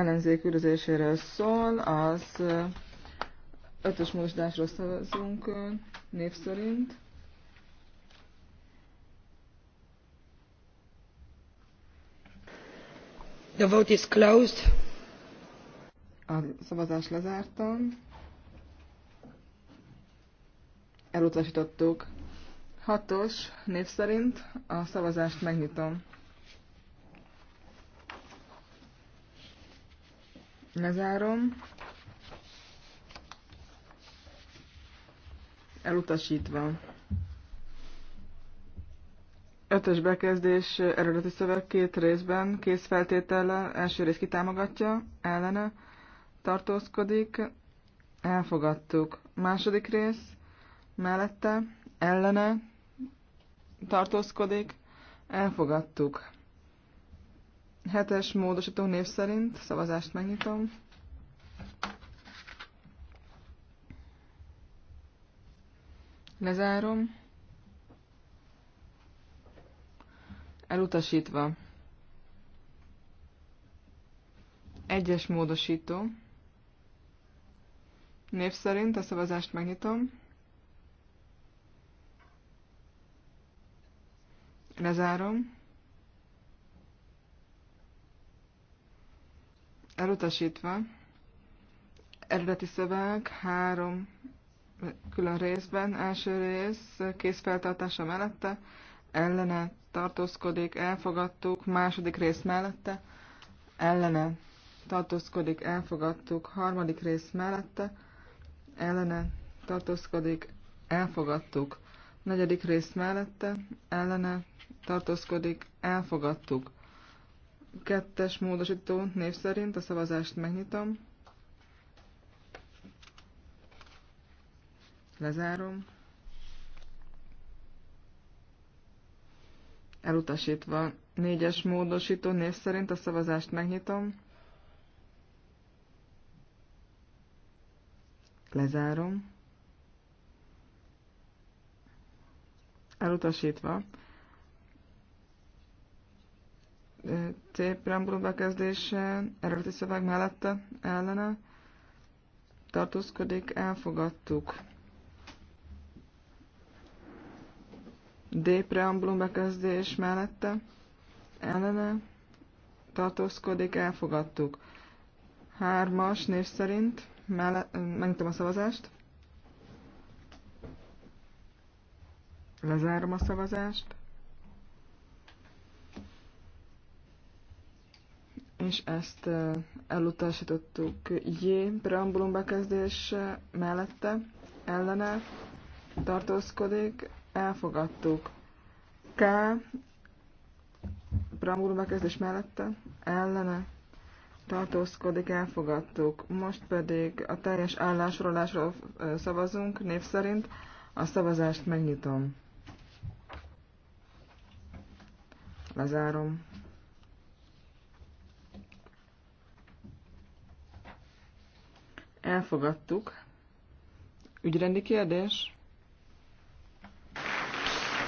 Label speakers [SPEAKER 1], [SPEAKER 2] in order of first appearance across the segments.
[SPEAKER 1] ellenzék üdözéséről szól, az ötös módosításról szavazunk név szerint. The vote is closed. A szavazás lezártam. Elutasítottuk. Hatos név szerint a szavazást megnyitom. Lezárom. Elutasítva. Ötös bekezdés eredeti szöveg két részben, kész feltétele első rész kitámogatja, ellene, tartózkodik, elfogadtuk. Második rész, mellette, ellene, tartózkodik, elfogadtuk. Hetes módosító név szerint szavazást megnyitom. Lezárom. Elutasítva. Egyes módosító. Név szerint a szavazást megnyitom. Lezárom. elutasítva. Eredeti szöveg három külön részben. Első rész készfeltartása mellette, ellene tartózkodik, elfogadtuk. Második rész mellette, ellene tartózkodik, elfogadtuk. Harmadik rész mellette, ellene tartózkodik, elfogadtuk. Negyedik rész mellette, ellene tartózkodik, elfogadtuk. Kettes módosító név szerint a szavazást megnyitom. Lezárom. Elutasítva. Négyes módosító név szerint a szavazást megnyitom. Lezárom. Elutasítva. C preambulum bekezdése, eredeti szöveg mellette ellene tartózkodik, elfogadtuk. D preambulum bekezdés mellette ellene tartózkodik, elfogadtuk. Hármas név szerint megnyitom a szavazást. Lezárom a szavazást. és ezt elutasítottuk J preambulum bekezdése mellette, ellene tartózkodik, elfogadtuk. K preambulum bekezdés mellette, ellene tartózkodik, elfogadtuk. Most pedig a teljes állásrólásról szavazunk név szerint. A szavazást megnyitom. Lezárom. Elfogadtuk. Ügyrendi kérdés?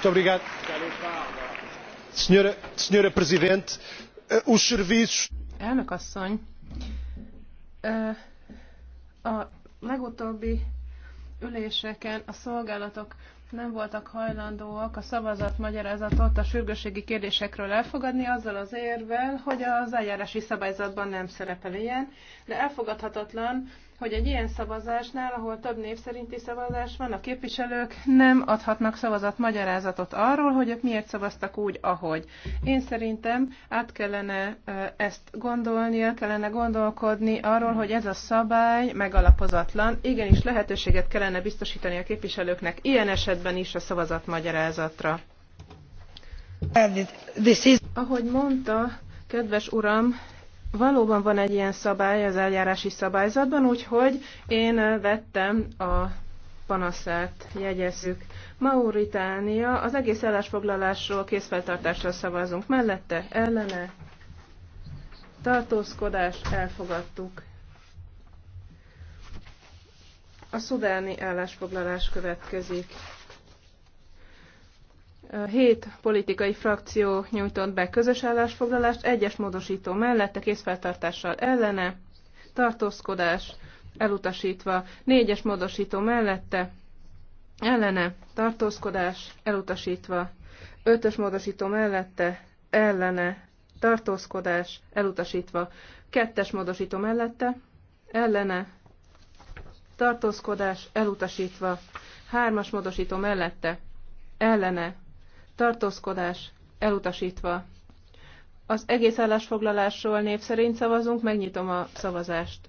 [SPEAKER 1] Obrigado.
[SPEAKER 2] Senhora, senhora Presidente, eh, Elnök asszony, eh, a legutóbbi üléseken a szolgálatok nem voltak hajlandóak a szavazatmagyarázatot a sürgősségi kérdésekről elfogadni, azzal az érvel, hogy az eljárási szabályzatban nem szerepel ilyen, de elfogadhatatlan, hogy egy ilyen szavazásnál, ahol több név szerinti szavazás van, a képviselők nem adhatnak szavazat magyarázatot arról, hogy ők miért szavaztak úgy, ahogy. Én szerintem át kellene ezt gondolni, el kellene gondolkodni arról, hogy ez a szabály megalapozatlan. Igenis lehetőséget kellene biztosítani a képviselőknek ilyen esetben is a szavazat magyarázatra. Ahogy mondta, kedves uram, Valóban van egy ilyen szabály az eljárási szabályzatban, úgyhogy én vettem a panaszát, jegyezzük. Mauritánia, az egész állásfoglalásról készfeltartásra szavazunk. Mellette, ellene, tartózkodás, elfogadtuk. A szudáni állásfoglalás következik. Hét politikai frakció nyújtott be közös állásfoglalást, egyes módosító mellette, készfeltartással ellene, tartózkodás elutasítva, négyes módosító mellette, ellene, tartózkodás elutasítva, ötös módosító mellette, ellene, tartózkodás elutasítva, kettes módosító mellette, ellene, tartózkodás elutasítva, hármas módosító mellette, ellene, tartózkodás elutasítva. Az egész állásfoglalásról név szerint szavazunk, megnyitom a szavazást.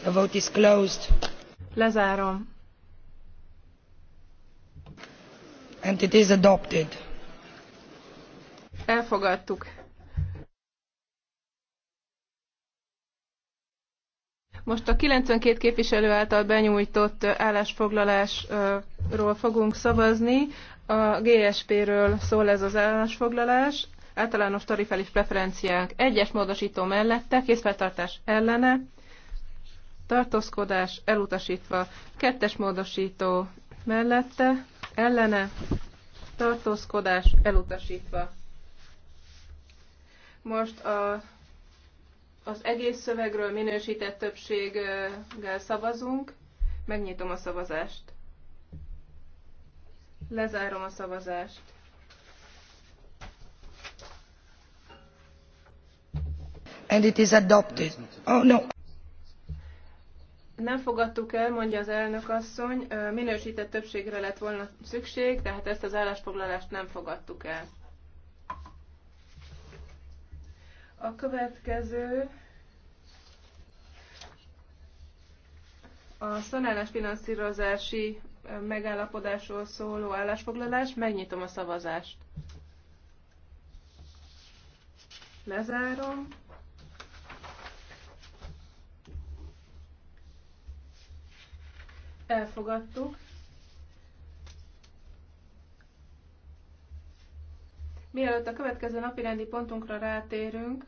[SPEAKER 1] The vote is closed.
[SPEAKER 2] Lezárom.
[SPEAKER 1] And it is adopted.
[SPEAKER 2] Elfogadtuk. Most a 92 képviselő által benyújtott állásfoglalásról fogunk szavazni. A GSP-ről szól ez az állásfoglalás. Általános tarifális preferenciák egyes módosító mellette, készfeltartás ellene, tartózkodás elutasítva, kettes módosító mellette, ellene, tartózkodás elutasítva. Most a az egész szövegről minősített többséggel szavazunk. Megnyitom a szavazást. Lezárom a szavazást.
[SPEAKER 1] And it is adopted. Oh no.
[SPEAKER 2] Nem fogadtuk el, mondja az elnök asszony, minősített többségre lett volna szükség, tehát ezt az állásfoglalást nem fogadtuk el. A következő a szanálás finanszírozási megállapodásról szóló állásfoglalás. Megnyitom a szavazást. Lezárom. Elfogadtuk. Mielőtt a következő napi rendi pontunkra rátérünk,